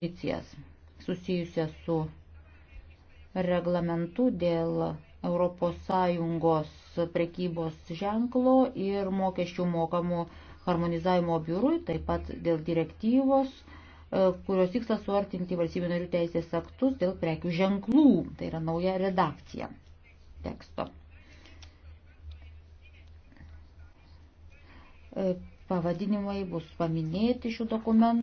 pozicijas susijusias su reglamentu dėl ES prekybos ženklo ir mokesčių mokamų harmonizavimo biurui, taip pat dėl direktyvos, e, kurios tikslas suartinti valstybių narių teisės aktus dėl prekių ženklų. Tai yra nauja redakcija teksto. E, pavadinimai bus paminėti šių dokumentų.